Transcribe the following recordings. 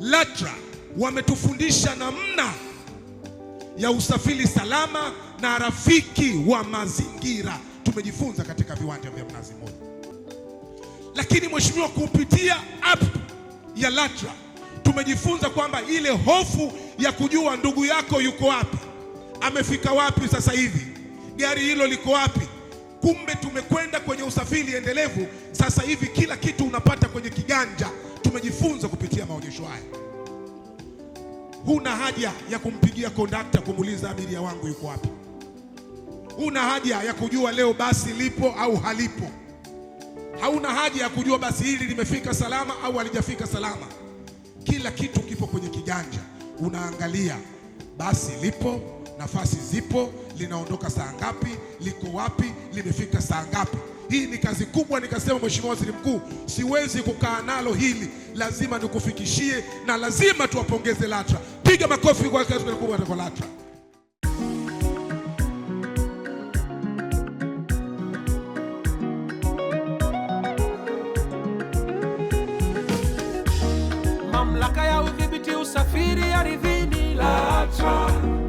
LATRA wametufundisha namna ya usafiri salama na rafiki wa mazingira. Tumejifunza katika viwanja vya Mnazi Mmoja, lakini mheshimiwa, kupitia app ya LATRA tumejifunza kwamba ile hofu ya kujua ndugu yako yuko wapi, amefika wapi sasa hivi, gari hilo liko wapi. Kumbe tumekwenda kwenye usafiri endelevu. Sasa hivi kila kitu unapata kwenye kiganja tumejifunza kupitia maonyesho haya. Huna haja ya kumpigia kondakta kumuuliza abiria wangu yuko wapi. Huna haja ya kujua leo basi lipo au halipo. Hauna haja ya kujua basi hili limefika salama au halijafika salama. Kila kitu kipo kwenye kiganja. Unaangalia basi lipo, nafasi zipo, linaondoka saa ngapi, liko wapi, limefika saa ngapi. Hii ni kazi kubwa. Nikasema, Mheshimiwa Waziri Mkuu, siwezi kukaa nalo hili, lazima nikufikishie na lazima tuwapongeze LATRA. Piga makofi kwa kazi kubwa LATRA. Mamlaka ya udhibiti usafiri ardhini LATRA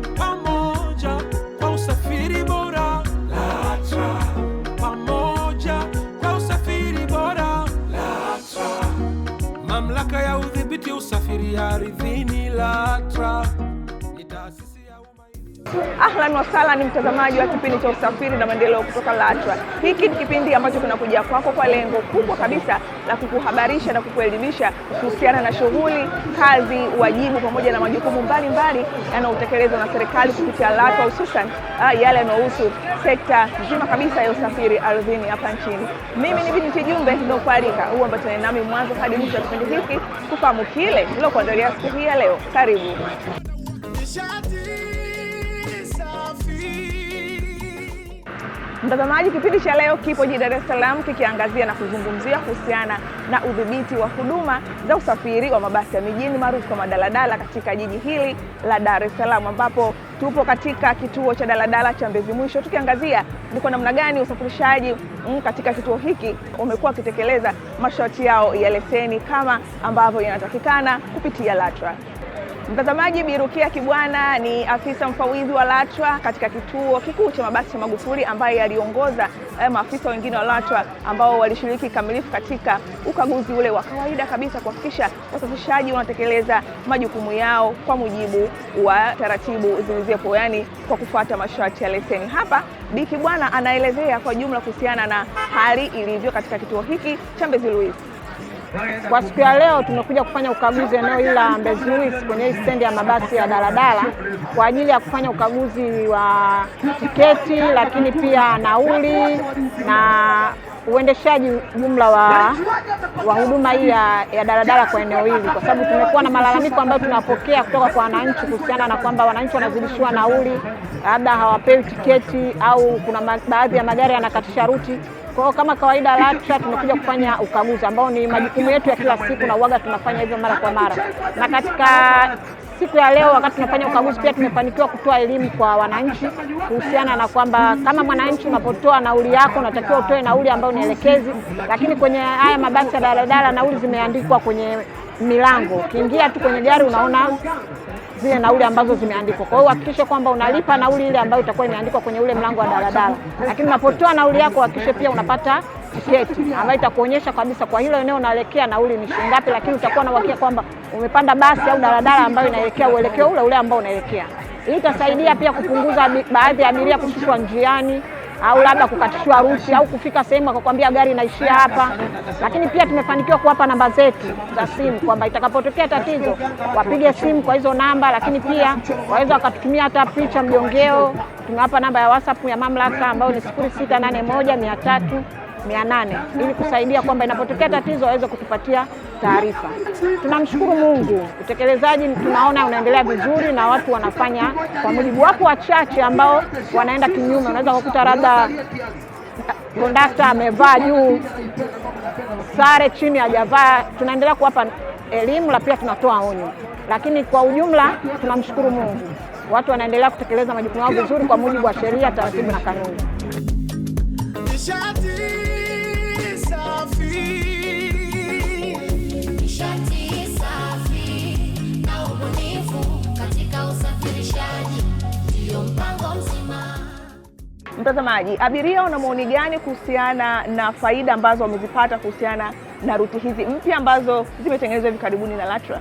usafiri ardhini LATRA Ahlan wasala ni mtazamaji wa kipindi cha usafiri na maendeleo kutoka LATRA. Hiki ni kipindi ambacho kinakuja kwako kwa lengo kubwa kabisa la kukuhabarisha na kukuelimisha kuhusiana na shughuli, kazi, wajibu pamoja na majukumu mbalimbali yanayotekelezwa na serikali kupitia LATRA, hususan ah, yale yanayohusu sekta nzima kabisa ya usafiri ardhini hapa nchini. Mimi ni Binti Jumbe inaokualika huambatane nami mwanzo hadi mwisho wa kipindi hiki kufahamu kile nilokuandalia siku hii ya leo. Karibu. Mtazamaji, kipindi cha leo kipo jijini Dar es Salaam kikiangazia na kuzungumzia kuhusiana na udhibiti wa huduma za usafiri wa mabasi ya mijini maarufu kama daladala katika jiji hili la Dar es Salaam, ambapo tupo katika kituo cha daladala cha Mbezi Mwisho, tukiangazia ni kwa namna gani usafirishaji mm, katika kituo hiki umekuwa wakitekeleza masharti yao ya leseni kama ambavyo yanatakikana kupitia LATRA. Mtazamaji, birukia Kibwana ni afisa mfawidhi wa LATRA katika kituo kikuu cha mabasi cha Magufuli ambaye aliongoza eh, maafisa wengine wa LATRA ambao walishiriki kikamilifu katika ukaguzi ule wa kawaida kabisa kuhakikisha wasafishaji wanatekeleza majukumu yao kwa mujibu wa taratibu zilizopo, yani kwa kufuata masharti ya leseni. Hapa Bi Kibwana anaelezea kwa jumla kuhusiana na hali ilivyo katika kituo hiki cha Mbezi Luis. Kwa siku ya leo tumekuja kufanya ukaguzi eneo hili la Mbezi Luis kwenye hii stendi ya mabasi ya daladala kwa ajili ya kufanya ukaguzi wa tiketi, lakini pia nauli na uendeshaji jumla wa wa huduma hii ya, ya daladala kwa eneo hili, kwa sababu tumekuwa na malalamiko ambayo tunapokea kutoka kwa wananchi kuhusiana na kwamba wananchi wanazidishiwa nauli, labda hawapewi tiketi au kuna baadhi ya magari yanakatisha ruti. Kwa hiyo kama kawaida LATRA tumekuja kufanya ukaguzi ambao ni majukumu yetu ya kila siku, na uwaga tunafanya hivyo mara kwa mara, na katika siku ya leo wakati tunafanya ukaguzi pia tumefanikiwa kutoa elimu kwa wananchi kuhusiana na kwamba kama mwananchi unapotoa nauli yako unatakiwa utoe nauli ambayo ni elekezi, lakini kwenye haya mabasi ya daladala nauli zimeandikwa kwenye milango, ukiingia tu kwenye gari unaona zile nauli ambazo zimeandikwa. Kwa hiyo hakikisha kwamba unalipa nauli ile ambayo itakuwa imeandikwa kwenye ule mlango wa daladala, lakini unapotoa nauli yako hakikisha pia unapata tiketi ambayo itakuonyesha kabisa kwa hilo eneo unaelekea nauli ni shilingi ngapi, lakini utakuwa na uhakika kwamba umepanda basi au daladala ambayo inaelekea uelekeo ule ule ambao unaelekea. Hii itasaidia pia kupunguza baadhi ya abiria kushushwa njiani au labda kukatishiwa ruhusa au kufika sehemu akakwambia gari inaishia hapa. Lakini pia tumefanikiwa kuwapa namba zetu za simu kwamba itakapotokea tatizo wapige simu kwa hizo namba, lakini pia waweza wakatutumia hata picha mjongeo. Tumewapa namba ya WhatsApp ya mamlaka ambayo ni sifuri sita nane moja mia tatu mia nane ili kusaidia kwamba inapotokea tatizo waweze kutupatia taarifa. Tunamshukuru Mungu, utekelezaji tunaona unaendelea vizuri na watu wanafanya kwa mujibu. Wapo wachache ambao wanaenda kinyume, unaweza kukuta labda kondakta amevaa juu sare chini hajavaa. Tunaendelea kuwapa elimu na pia tunatoa onyo, lakini kwa ujumla tunamshukuru Mungu, watu wanaendelea kutekeleza majukumu yao vizuri kwa mujibu wa sheria, taratibu na kanuni. Mtazamaji, abiria wana maoni gani kuhusiana na faida ambazo wamezipata kuhusiana na ruti hizi mpya ambazo zimetengenezwa hivi karibuni na LATRA?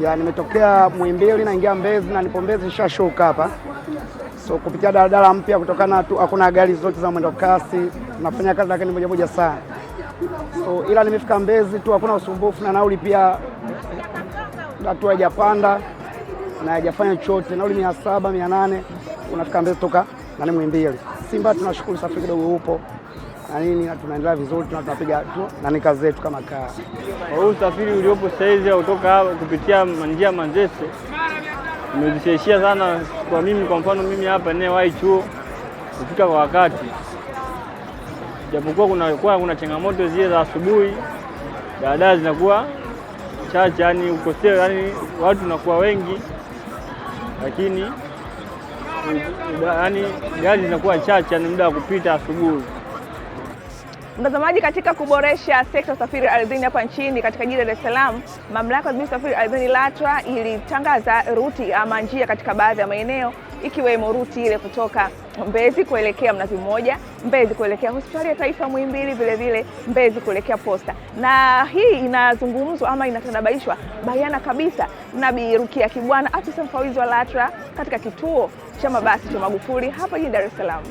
Ya, nimetokea Muhimbili naingia Mbezi na nipo Mbezi nishashuka hapa, so kupitia daladala mpya, kutokana tu hakuna gari zote za mwendo kasi, nafanya kazi lakini moja moja sana, so ila nimefika Mbezi tu hakuna usumbufu, na nauli pia datu haijapanda na haijafanya chochote, nauli mia saba mia nane unafika Mbezi toka nani mwimbili Simba. Tunashukuru safari kidogo upo na nini, tunaendelea vizuri, tunapiga tu nani kazi zetu kama kaa. Kwa hiyo usafiri uliopo sasa hivi kutoka hapa kupitia njia Manzese umezishaishia sana kwa mimi. Kwa mfano mimi hapa wahi chuo kufika kwa wakati, japokuwa kwa kuna changamoto zile za asubuhi, dadaa zinakuwa chache, yani ukosea, yani watu nakuwa wengi lakini yaani gari zinakuwa chache, ni muda wa kupita asubuhi. Mtazamaji, katika kuboresha sekta usafiri ardhini hapa nchini katika jiji la Dar es Salaam, mamlaka ya udhibiti usafiri ardhini LATRA ilitangaza ruti ama njia katika baadhi ya maeneo ikiwemo ruti ile kutoka Mbezi kuelekea Mnazi Mmoja, Mbezi kuelekea hospitali ya taifa Muhimbili, vilevile Mbezi kuelekea Posta. Na hii inazungumzwa ama inatanabaishwa bayana kabisa na Bi Rukia Kibwana, afisa mfawidhi wa LATRA katika kituo cha mabasi cha Magufuli hapa jijini Dar es Salaam.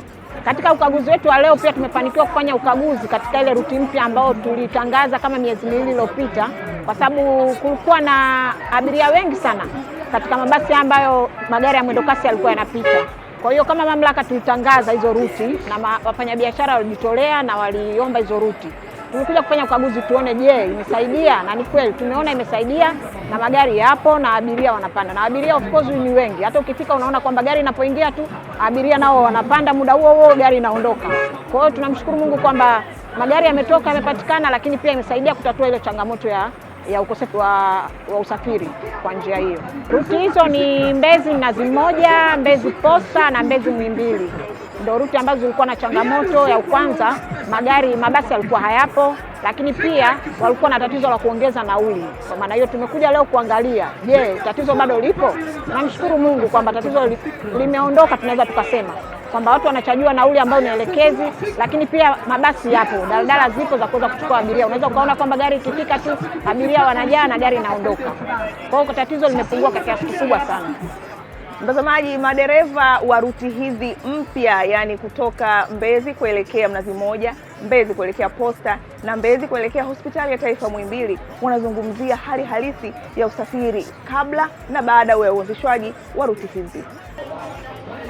Katika ukaguzi wetu wa leo pia tumefanikiwa kufanya ukaguzi katika ile ruti mpya ambayo tulitangaza kama miezi miwili iliyopita, kwa sababu kulikuwa na abiria wengi sana katika mabasi ambayo magari ya mwendokasi yalikuwa yanapita. Kwa hiyo kama mamlaka tulitangaza hizo ruti na wafanyabiashara walijitolea na waliomba hizo ruti. Tumekuja kufanya ukaguzi tuone, je, imesaidia? Na ni kweli tumeona imesaidia, na magari yapo na abiria wanapanda, na abiria of course ni wengi. Hata ukifika unaona kwamba gari inapoingia tu abiria nao wanapanda, muda huo huo gari inaondoka. Kwa hiyo tunamshukuru Mungu kwamba magari yametoka, yamepatikana, lakini pia imesaidia kutatua ile changamoto ya ya ukosefu wa, wa usafiri kwa njia hiyo. Ruti hizo ni Mbezi Mnazi Mmoja, Mbezi Posta na Mbezi Mwimbili ndo ruti ambazo zilikuwa na changamoto ya kwanza, magari mabasi yalikuwa hayapo, lakini pia walikuwa na tatizo la kuongeza nauli. Kwa maana hiyo tumekuja leo kuangalia, je, tatizo bado lipo? Namshukuru Mungu kwamba tatizo li, limeondoka, tunaweza tukasema kwamba watu wanachajua nauli ambayo ni elekezi, lakini pia mabasi yapo, daladala zipo za kuweza kuchukua abiria. Unaweza ukaona kwamba gari ikifika tu abiria wanajaa na gari inaondoka. Kwa hiyo tatizo limepungua kwa kiasi kikubwa sana. Mtazamaji, madereva wa ruti hizi mpya, yaani kutoka Mbezi kuelekea Mnazi Mmoja, Mbezi kuelekea Posta na Mbezi kuelekea hospitali ya taifa Muhimbili, wanazungumzia hali halisi ya usafiri kabla na baada ya uanzishwaji wa ruti hizi.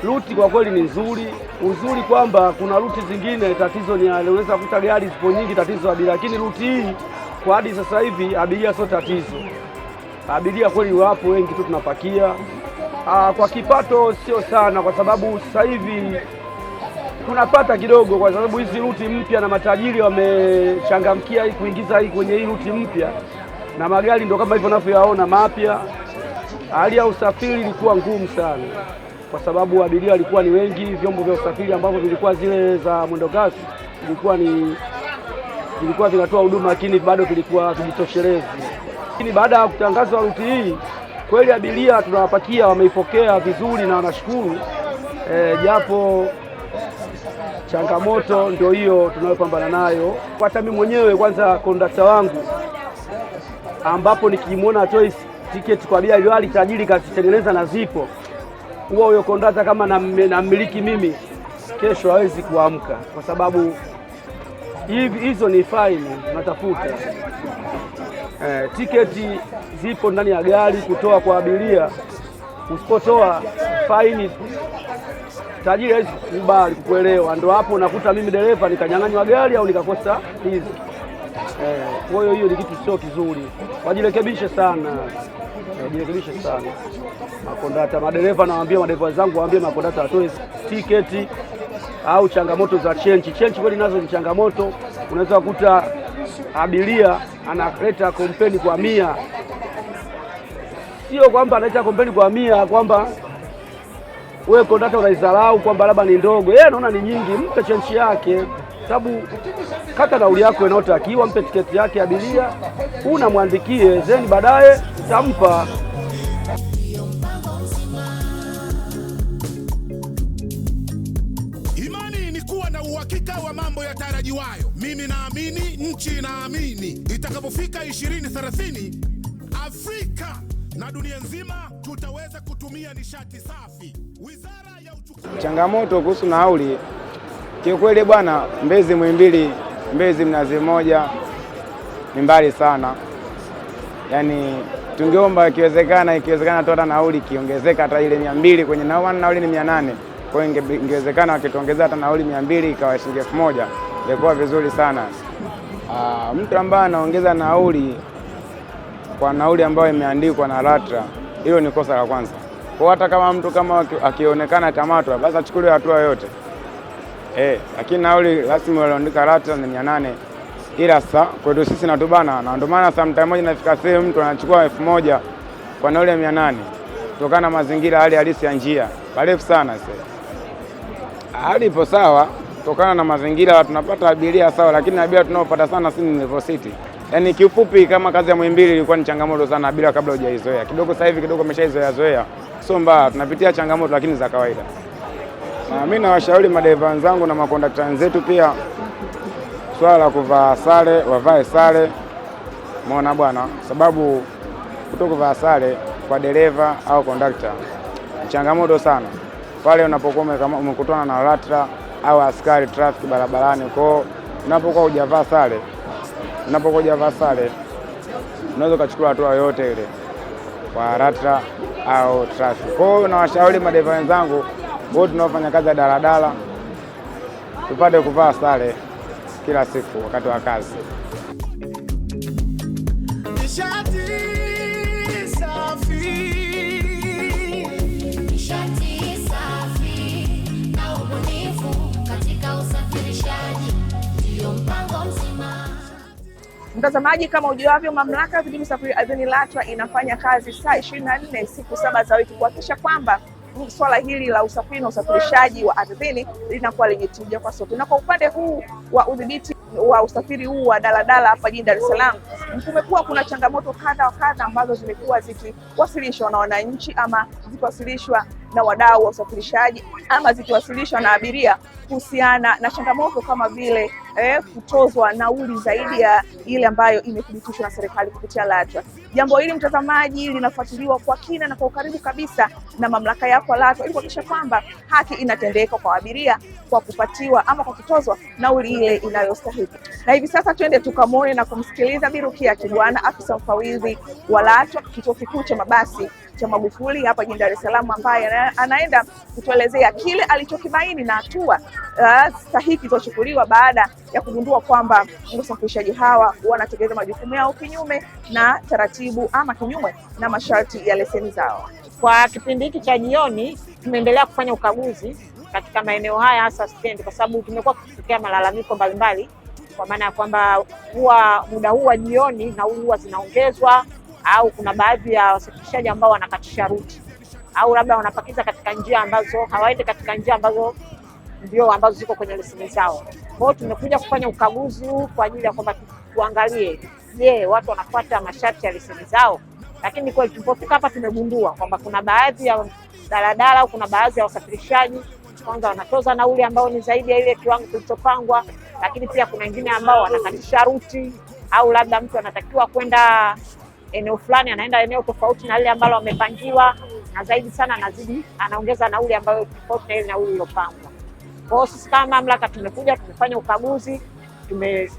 Ruti kwa kweli ni nzuri, uzuri kwamba kuna ruti zingine tatizo ni unaweza kukuta gari zipo nyingi, tatizo la abiria, lakini ruti hii kwa hadi sasa hivi abiria sio tatizo. Abiria kweli wapo wengi tu, tunapakia Ah, kwa kipato sio sana, kwa sababu sasa hivi tunapata kidogo, kwa sababu hizi ruti mpya na matajiri wamechangamkia hii kuingiza hii kwenye hii ruti mpya, na magari ndio kama hivyo navyoyaona mapya. Hali ya usafiri ilikuwa ngumu sana, kwa sababu abiria walikuwa ni wengi. Vyombo vya usafiri ambavyo vilikuwa zile za mwendokasi vilikuwa ni vilikuwa vinatoa huduma, lakini bado vilikuwa vijitoshelezi. Lakini baada ya kutangazwa ruti hii Kweli abiria tunawapakia, wameipokea vizuri na wanashukuru e, japo changamoto ndio hiyo tunayopambana nayo. Hata mimi mwenyewe kwanza, kondakta wangu ambapo nikimwona choice tiketi kwa bia hiyo alitajiri kazitengeneza na zipo, huwa huyo kondakta kama nammiliki mimi, kesho hawezi kuamka kwa sababu hizo ni faini natafuta Eh, tiketi zipo ndani ya gari kutoa kwa abiria. Usipotoa faini, tajiri hawezi kukubali kukuelewa. Ndo hapo nakuta mimi dereva nikanyang'anywa gari au nikakosa hizi. Eh, kwa hiyo hiyo ni kitu sio kizuri, wajirekebishe sana, eh, wajirekebishe sana makondata, madereva. Nawaambia madereva zangu, waambie makondata watoe tiketi au changamoto za chenchi. Chenchi kweli nazo ni changamoto, unaweza kukuta abiria analeta kompeni kwa mia, sio kwamba analeta kompeni kwa mia kwamba wewe kondakta unaidharau kwamba labda ni ndogo. Yeye anaona ni nyingi, mpe chenchi yake, sababu kata nauli yako inayotakiwa, mpe tiketi yake abiria, unamwandikie zeni, baadaye utampa nchi inaamini itakapofika 2030 Afrika na dunia nzima tutaweza kutumia nishati safi. Wizara ya uchukuzi. Changamoto kuhusu nauli, kiukweli bwana, Mbezi Muhimbili, Mbezi Mnazi Mmoja ni mbali sana, yaani tungeomba ikiwezekana, ikiwezekana tu hata nauli ikiongezeka hata ile mia mbili kwenye nauli ni mia nane kwa hiyo ingewezekana wakituongezea hata nauli mia mbili ikawa shilingi elfu moja ingekuwa vizuri sana. Uh, mtu ambaye anaongeza nauli kwa nauli ambayo imeandikwa na LATRA, hilo ni kosa la kwanza. Kwa hata kama mtu kama akionekana kamatwa, basi achukuliwe hatua yote eh, lakini nauli rasmi walioandika LATRA ni mia nane, ila sasa kwetu sisi natubana, na ndio maana sometime moja inafika sehemu mtu anachukua elfu moja kwa nauli ya mia nane kutokana na mazingira, hali halisi ya njia, parefu sana. Sasa hali ipo sawa kutokana na mazingira tunapata abiria sawa, lakini abiria tunaopata sana si university. Yaani kiufupi, kama kazi ya Muhimbili ilikuwa ni changamoto sana abiria kabla hujaizoea kidogo, sasa hivi kidogo ameshaizoea zoea, sio mbaya, tunapitia changamoto lakini za kawaida. Na mimi nawashauri madereva wenzangu na makondakta wenzetu pia, swala la kuvaa sare, wavae sare, umeona bwana, sababu kutokuvaa sare kwa dereva au kondakta changamoto sana pale unapokuwa umekutana na LATRA au askari trafiki barabarani. hiyo unapokuwa hujavaa sare, unapokuwa hujavaa sare, unaweza ukachukua hatua yoyote ile kwa rata au trafiki. Kwao nawashauri madereva wenzangu wote tunaofanya kazi ya daladala tupate kuvaa sare kila siku wakati wa kazi. Mtazamaji, kama ujuavyo, mamlaka ya udhibiti usafiri ardhini LATRA inafanya kazi saa ishirini na nne siku saba za wiki kuhakikisha kwamba swala hili la usafiri na usafirishaji wa ardhini linakuwa lenye tija kwa sote. Na kwa upande huu wa udhibiti wa usafiri huu wa daladala hapa jijini Dar es Salaam, kumekuwa kuna changamoto kadha wa kadha ambazo zimekuwa zikiwasilishwa na wananchi ama zikiwasilishwa na wadau wa usafirishaji ama zikiwasilishwa na abiria kuhusiana na changamoto kama vile eh, kutozwa nauli zaidi ya ile ambayo imethibitishwa na serikali kupitia LATRA. Jambo hili mtazamaji, linafuatiliwa kwa kina na kwa ukaribu kabisa na mamlaka yako LATRA ili kuhakikisha kwamba haki inatendeka kwa abiria kwa kupatiwa ama kwa kutozwa nauli ile inayostahili. Na hivi sasa twende tukamwone na kumsikiliza Birukia kibwana afisa mfawidhi wa LATRA kituo kikuu cha mabasi cha Magufuli hapa jijini Dar es Salaam, ambaye anaenda kutuelezea kile alichokibaini na hatua Ah, stahiki zilizochukuliwa baada ya kugundua kwamba wasafirishaji hawa wanatekeleza majukumu yao kinyume na taratibu ama kinyume na masharti ya leseni zao. Kwa kipindi hiki cha jioni tumeendelea kufanya ukaguzi katika maeneo haya hasa stendi, kwa sababu tumekuwa tukipokea malalamiko mbalimbali, kwa maana ya kwamba huwa muda huu wa jioni na huu huwa zinaongezwa au kuna baadhi ya wasafirishaji ambao wanakatisha ruti au labda wanapakiza katika njia ambazo hawaende katika njia ambazo ndio ambazo ziko kwenye leseni zao. Kwa hiyo tumekuja kufanya ukaguzi huu kwa ajili ya kwamba tuangalie, je, watu wanafuata masharti ya leseni zao? Lakini kweli tulipofika hapa tumegundua kwamba kuna baadhi ya daladala au kuna baadhi ya wasafirishaji kwanza wanatoza nauli ambayo ni zaidi ya ile kiwango kilichopangwa, lakini pia kuna wengine ambao wanakatisha ruti au labda mtu anatakiwa kwenda eneo fulani anaenda eneo tofauti na lile ambalo amepangiwa, na zaidi sana anazidi anaongeza nauli ambayo tofauti na ile nauli iliyopangwa. Kwa hiyo sisi kama mamlaka tumekuja, tumefanya ukaguzi, tumetoa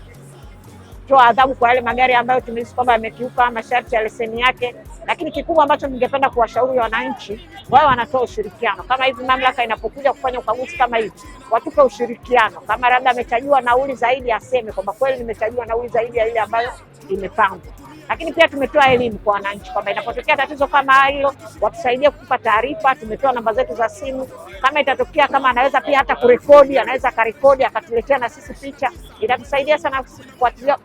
adhabu kwa yale magari ambayo tumehisi kwamba yamekiuka masharti ya leseni yake, lakini kikubwa ambacho ningependa kuwashauri wananchi, wao wanatoa ushirikiano kama hivi. Mamlaka inapokuja kufanya ukaguzi kama hivi, watupe ushirikiano. Kama labda amechajiwa nauli zaidi, aseme kwamba kweli imechajiwa nauli zaidi ya ile ambayo imepangwa. Lakini pia tumetoa elimu kwa wananchi kwamba inapotokea tatizo kama hilo watusaidie kutupa taarifa. Tumetoa namba zetu za simu, kama itatokea, kama anaweza pia hata kurekodi, anaweza akarekodi akatuletea na sisi picha, itatusaidia sana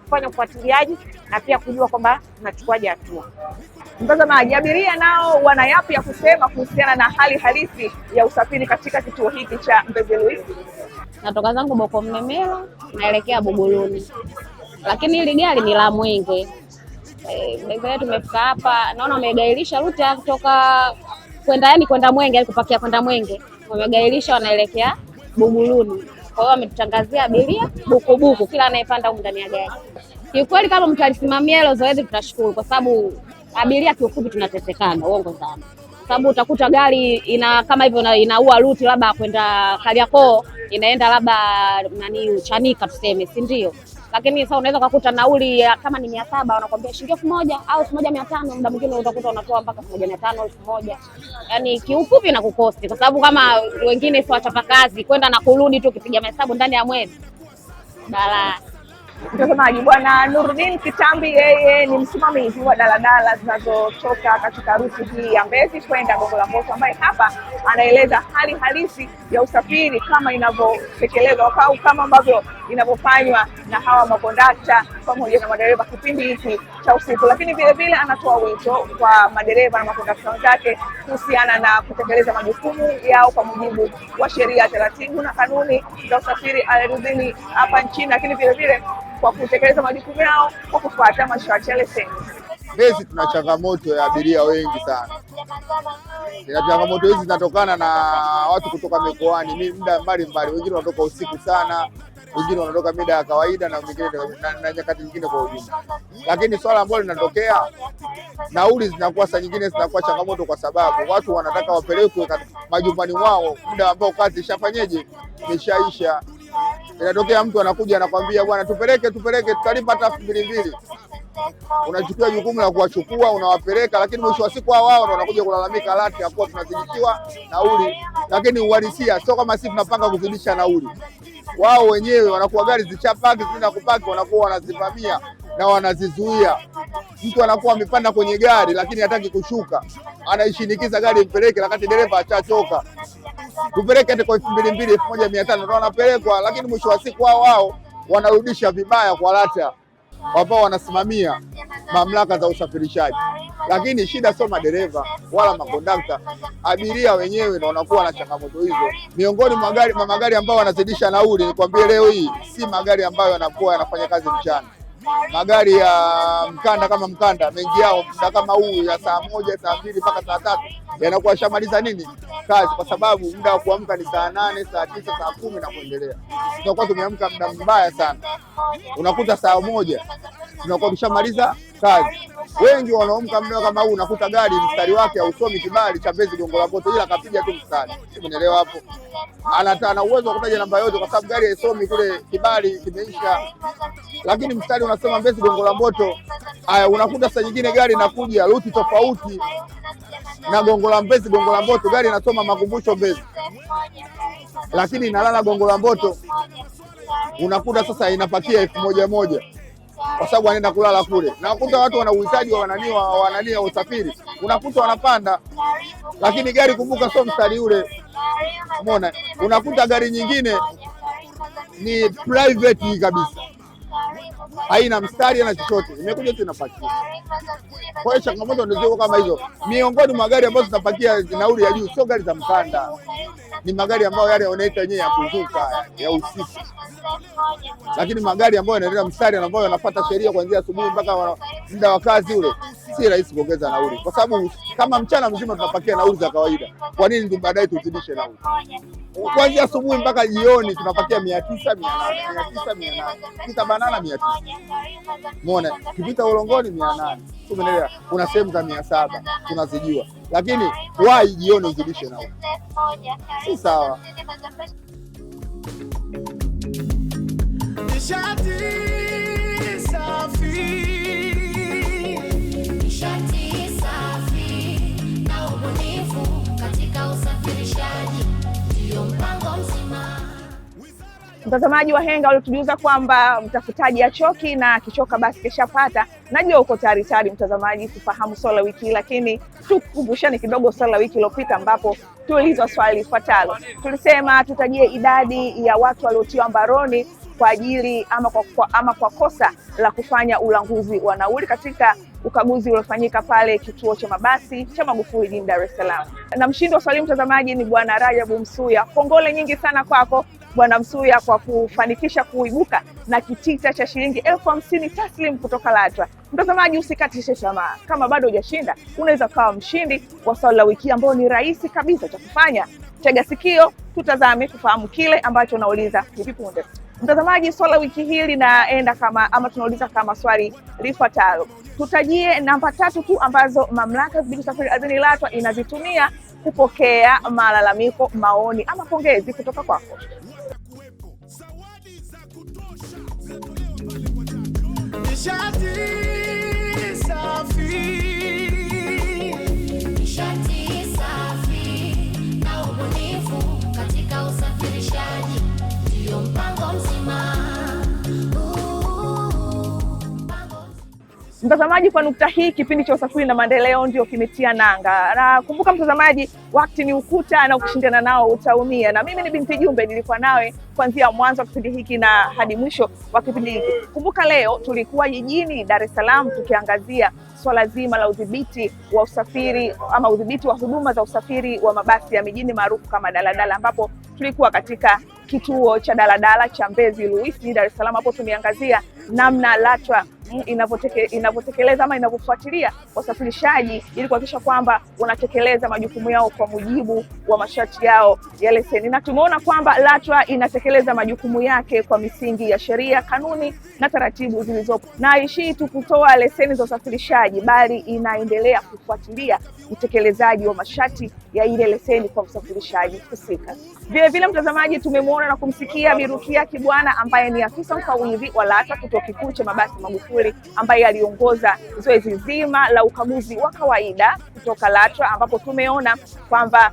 kufanya ufuatiliaji na pia kujua kwamba tunachukuaje hatua. Mtazamaji, abiria nao wana yapi ya kusema kuhusiana na hali halisi ya usafiri katika kituo hiki cha Mbezi Luisi? Natoka zangu Boko Mmemelo naelekea Buguruni, lakini hili gari ni la Mwenge. Bengo eh, tumefika hapa, naona wamegailisha ruta kutoka kwenda yani kwenda Mwenge, yani kupakia kwenda Mwenge, wamegairisha wanaelekea Buguruni. Kwa hiyo wametutangazia abiria bukubuku, kila anayepanda huko ndani ya gari. Kiukweli kama mtalisimamia hilo zoezi tutashukuru, kwa sababu abiria kiufupi tunatesekana, uongo sana, sababu utakuta gari ina kama hivyo inaua ruti labda kwenda Kariakoo, inaenda labda nani Chanika tuseme, si ndio? lakini sasa unaweza ukakuta nauli ya kama ni mia saba wanakwambia shilingi elfu moja au elfu moja mia tano muda mwingine utakuta unatoa mpaka elfu moja mia tano elfu moja yani kiufupi na kukosti, kwa sababu kama wengine sio wachapa kazi kwenda na kurudi tu, ukipiga mahesabu ndani ya mwezi balaa. Mtazamaji, Bwana Nurdin Kitambi yeye ni msimamizi wa daladala zinazotoka katika rusi hii ya Mbezi kwenda Gongo la Mboto, ambaye hapa anaeleza hali halisi ya usafiri kama inavyotekelezwa au kama ambavyo inavyofanywa na hawa makondakta pamoja na madereva kipindi hiki cha usiku, lakini vilevile anatoa wito kwa madereva na makondakta wenzake kuhusiana na kutekeleza majukumu yao kwa mujibu wa sheria, taratibu na kanuni za usafiri ardhini hapa nchini, lakini vilevile kwa kutekeleza majukumu yao kwa kufuata masharti ya leseni. Mbezi tuna changamoto ya abiria wengi sana, na changamoto hizi zinatokana na watu kutoka mikoani, mi muda mbalimbali, wengine wanatoka usiku sana wengine wanaondoka mida ya kawaida na wengine na nyakati nyingine kwa ujumla. Lakini swala ambalo linatokea, nauli zinakuwa saa nyingine zinakuwa changamoto, kwa sababu watu wanataka wapelekwe majumbani mwao muda ambao kazi ishafanyeje imeshaisha. Inatokea mtu anakuja anakwambia, bwana, tupeleke tupeleke, tutalipa hata elfu mbili mbili unachukua jukumu la kuwachukua unawapeleka, lakini mwisho wa siku wao ndio wanakuja kulalamika lati ya kuwa tunazidishiwa nauli, lakini uhalisia sio kama sisi tunapanga kuzidisha nauli. Wao wenyewe wanakuwa gari zichapaki zina kupaki, wanakuwa wanazivamia na wanazizuia. Mtu anakuwa amepanda kwenye gari lakini hataki kushuka, anaishinikiza gari impeleke, wakati dereva achachoka tupeleke hata kwa elfu mbili mbili elfu moja mia tano ndio wanapelekwa, lakini mwisho wa siku wao wao wanarudisha vibaya kwa lata ambao wanasimamia mamlaka za usafirishaji, lakini shida sio madereva wala makondakta, abiria wenyewe ndio wanakuwa na changamoto hizo. Miongoni mwa magari ambao wanazidisha nauli, nikwambie leo hii si magari ambayo yanakuwa yanafanya kazi mchana magari ya mkanda kama mkanda, mengi yao muda kama huu ya saa moja saa mbili mpaka saa tatu yanakuwa shamaliza nini kazi, kwa sababu muda wa kuamka ni saa nane saa tisa saa kumi na kuendelea. Tunakuwa tumeamka muda mbaya sana, unakuta saa moja tunakuwa tushamaliza kazi. Wengi wanaomka mda kama huu, unakuta gari mstari wake hausomi kibali cha Mbezi Gongo la Mboto, ila kapiga tu mstari, umeelewa hapo? Ana uwezo wa kutaja namba yote, kwa sababu gari haisomi kule, kibali kimeisha, lakini mstari unasema Mbezi Gongo la Mboto. Haya, unakuta saa nyingine gari inakuja ruti tofauti na Gongo la Mbezi Gongo la Mboto, gari inasoma Makumbusho Mbezi, lakini inalala Gongo la Mboto, unakuta sasa inapakia elfu moja moja kwa sababu anaenda kulala kule, na watu wana uhitaji wa wanani wa wanani wa usafiri, unakuta wanapanda, lakini gari kumbuka, sio mstari ule. Umeona, unakuta gari nyingine ni private kabisa, haina mstari na chochote, imekuja tu inapakia. Kwa hiyo changamoto ndio kama hizo, miongoni mwa gari ambazo zinapakia nauli ya juu sio gari za mkanda ni magari ambayo yale wanaita yenyewe ya kuvuka ya usiku, lakini magari ambayo yanaenda mstari ambayo yanapata sheria kuanzia asubuhi mpaka muda wa kazi ule, si rahisi kuongeza nauli, kwa sababu kama mchana mzima tunapakia nauli za kawaida, kwa nini ndio baadaye tuzidishe nauli? Kuanzia asubuhi mpaka jioni tunapakia mia tisa mia nane mia tisa mia nane kita banana mia tisa mona kipita ulongoni mia nane umeelewa? Kuna sehemu za mia saba tunazijua lakini wai jioni izidishe na si sawa. Nishati safi. Mtazamaji wa Henga walitujuza kwamba mtafutaji achoki na akichoka basi keshapata. Najua uko tayari tayari mtazamaji kufahamu swali la wiki lakini tukumbushane kidogo swali la wiki iliyopita, ambapo tuulizwa swali lifuatalo. Tulisema tutajie idadi ya watu waliotiwa mbaroni kwa ajili ama kwa, kwa, ama kwa kosa la kufanya ulanguzi wa nauli katika ukaguzi uliofanyika pale kituo cha mabasi cha Magufuli jijini Dar es Salaam. Na mshindi wa swali mtazamaji ni Bwana Rajabu Msuya. Kongole nyingi sana kwako Bwana Msuya kwa kufanikisha kuibuka na kitita cha shilingi elfu hamsini taslim kutoka LATRA. Mtazamaji, usikatishe tamaa, kama bado hujashinda unaweza ukawa mshindi wa swali la wiki ambao ni rahisi kabisa cha kufanya. Tega sikio, tutazame kufahamu kile ambacho unauliza hivi punde. Mtazamaji, swali la wiki hii linaenda kama ama, tunauliza kama swali lifuatalo: tutajie namba tatu tu ambazo mamlaka ya udhibiti usafiri ardhini LATRA inazitumia kupokea malalamiko, maoni ama pongezi kutoka kwako. jadis sa fille. Mtazamaji, kwa nukta hii kipindi cha usafiri na maendeleo ndio kimetia nanga, na kumbuka mtazamaji, wakati ni ukuta na ukishindana nao utaumia. Na mimi ni Binti Jumbe, nilikuwa nawe kuanzia mwanzo wa kipindi hiki na hadi mwisho wa kipindi hiki. Kumbuka leo tulikuwa jijini Dar es Salaam tukiangazia swala zima la udhibiti wa usafiri ama udhibiti wa huduma za usafiri wa mabasi ya mijini maarufu kama daladala, ambapo tulikuwa katika kituo cha daladala cha Mbezi Luisi, Dar es Salaam. Hapo tumeangazia namna LATRA inavyotekeleza ama inavyofuatilia wasafirishaji ili kuhakikisha kwamba wanatekeleza majukumu yao kwa mujibu wa masharti yao ya leseni. Na tumeona kwamba LATRA inatekeleza majukumu yake kwa misingi ya sheria, kanuni na taratibu zilizopo, na haishii tu kutoa leseni za usafirishaji, bali inaendelea kufuatilia utekelezaji wa masharti ya ile leseni kwa msafirishaji husika. Vilevile mtazamaji, tumemwona na kumsikia Birukia Kibwana ambaye ni afisa mkawidhi wa LATRA kituo kikuu cha mabasi Magufuli Magufuli ambaye aliongoza zoezi zima la ukaguzi wa kawaida kutoka LATRA ambapo tumeona kwamba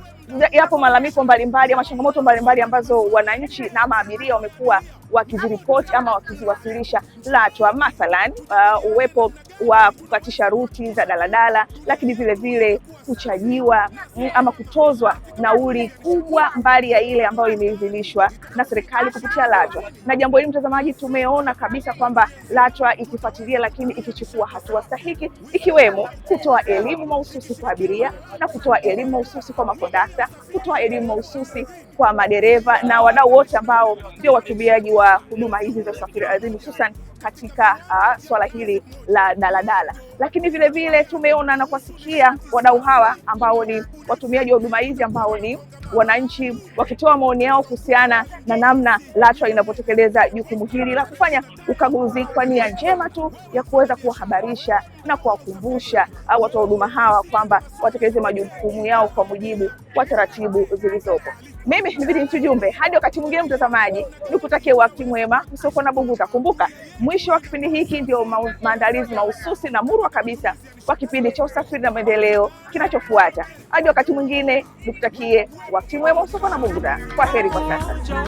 yapo malalamiko mbalimbali ama changamoto mbalimbali ambazo wananchi na maabiria wamekuwa wakiziripoti ama wakiziwasilisha LATRA, mathalan uh, uwepo wa kukatisha ruti za daladala, lakini vilevile kuchajiwa mm, ama kutozwa nauli kubwa mbali ya ile ambayo imeidhinishwa na serikali kupitia LATRA. Na jambo hili mtazamaji, tumeona kabisa kwamba LATRA ikifuatilia, lakini ikichukua hatua stahiki, ikiwemo kutoa elimu mahususi kwa abiria na kutoa elimu mahususi kwa makondakta, kutoa elimu mahususi kwa madereva na wadau wote ambao ndio watumiaji wa huduma hizi za usafiri ardhini hususan katika uh, swala hili la daladala. Lakini vile vile tumeona na kuwasikia wadau hawa ambao ni watumiaji wa huduma hizi ambao ni wananchi wakitoa maoni yao kuhusiana na namna LATRA inapotekeleza jukumu hili la kufanya ukaguzi kwa nia njema tu ya kuweza kuwahabarisha na kuwakumbusha au ah, watoa huduma hawa kwamba watekeleze majukumu yao kwa mujibu wa taratibu zilizopo. Mimi nibidi tujumbe hadi wakati mwingine mtazamaji, nikutakie wakati mwema, usiokuwa na bugu. Utakumbuka mwisho wa kipindi hiki ndio maandalizi mahususi na murwa kabisa kwa kipindi cha usafiri na maendeleo kinachofuata. Hadi wakati mwingine, nikutakie wakati mwema, usiokuwa na bugu. Kwa heri kwa sasa.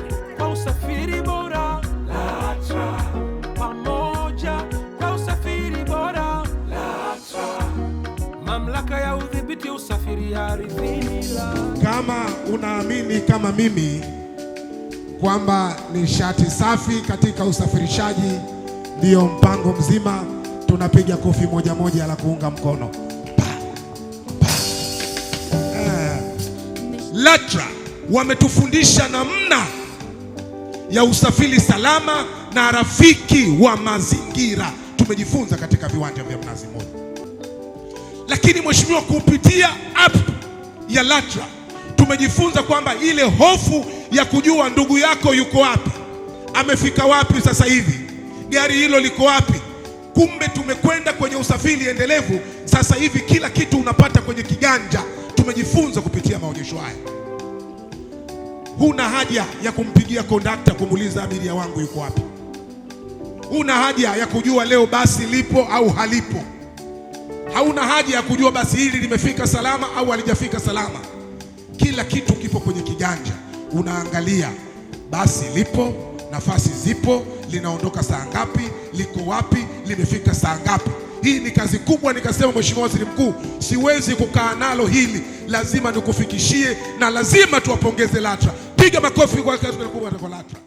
kupitia usafiri ardhini. Kama unaamini kama mimi kwamba nishati safi katika usafirishaji ndiyo mpango mzima, tunapiga kofi moja moja la kuunga mkono eh. LATRA wametufundisha namna ya usafiri salama na rafiki wa mazingira tumejifunza katika viwanja vya Mnazi Mmoja. Lakini mheshimiwa, kupitia app ya LATRA tumejifunza kwamba ile hofu ya kujua ndugu yako yuko wapi, amefika wapi, sasa hivi gari hilo liko wapi, kumbe tumekwenda kwenye usafiri endelevu. Sasa hivi kila kitu unapata kwenye kiganja. Tumejifunza kupitia maonyesho haya, huna haja ya kumpigia kondakta kumuuliza abiria wangu yuko wapi. Huna haja ya kujua leo basi lipo au halipo. Hauna haja ya kujua basi hili limefika salama au halijafika salama. Kila kitu kipo kwenye kiganja, unaangalia basi lipo, nafasi zipo, linaondoka saa ngapi, liko wapi, limefika saa ngapi. Hii ni kazi kubwa. Nikasema, Mheshimiwa Waziri Mkuu, siwezi kukaa nalo hili, lazima nikufikishie na lazima tuwapongeze LATRA. Piga makofi kwa kazi kubwa kwa LATRA.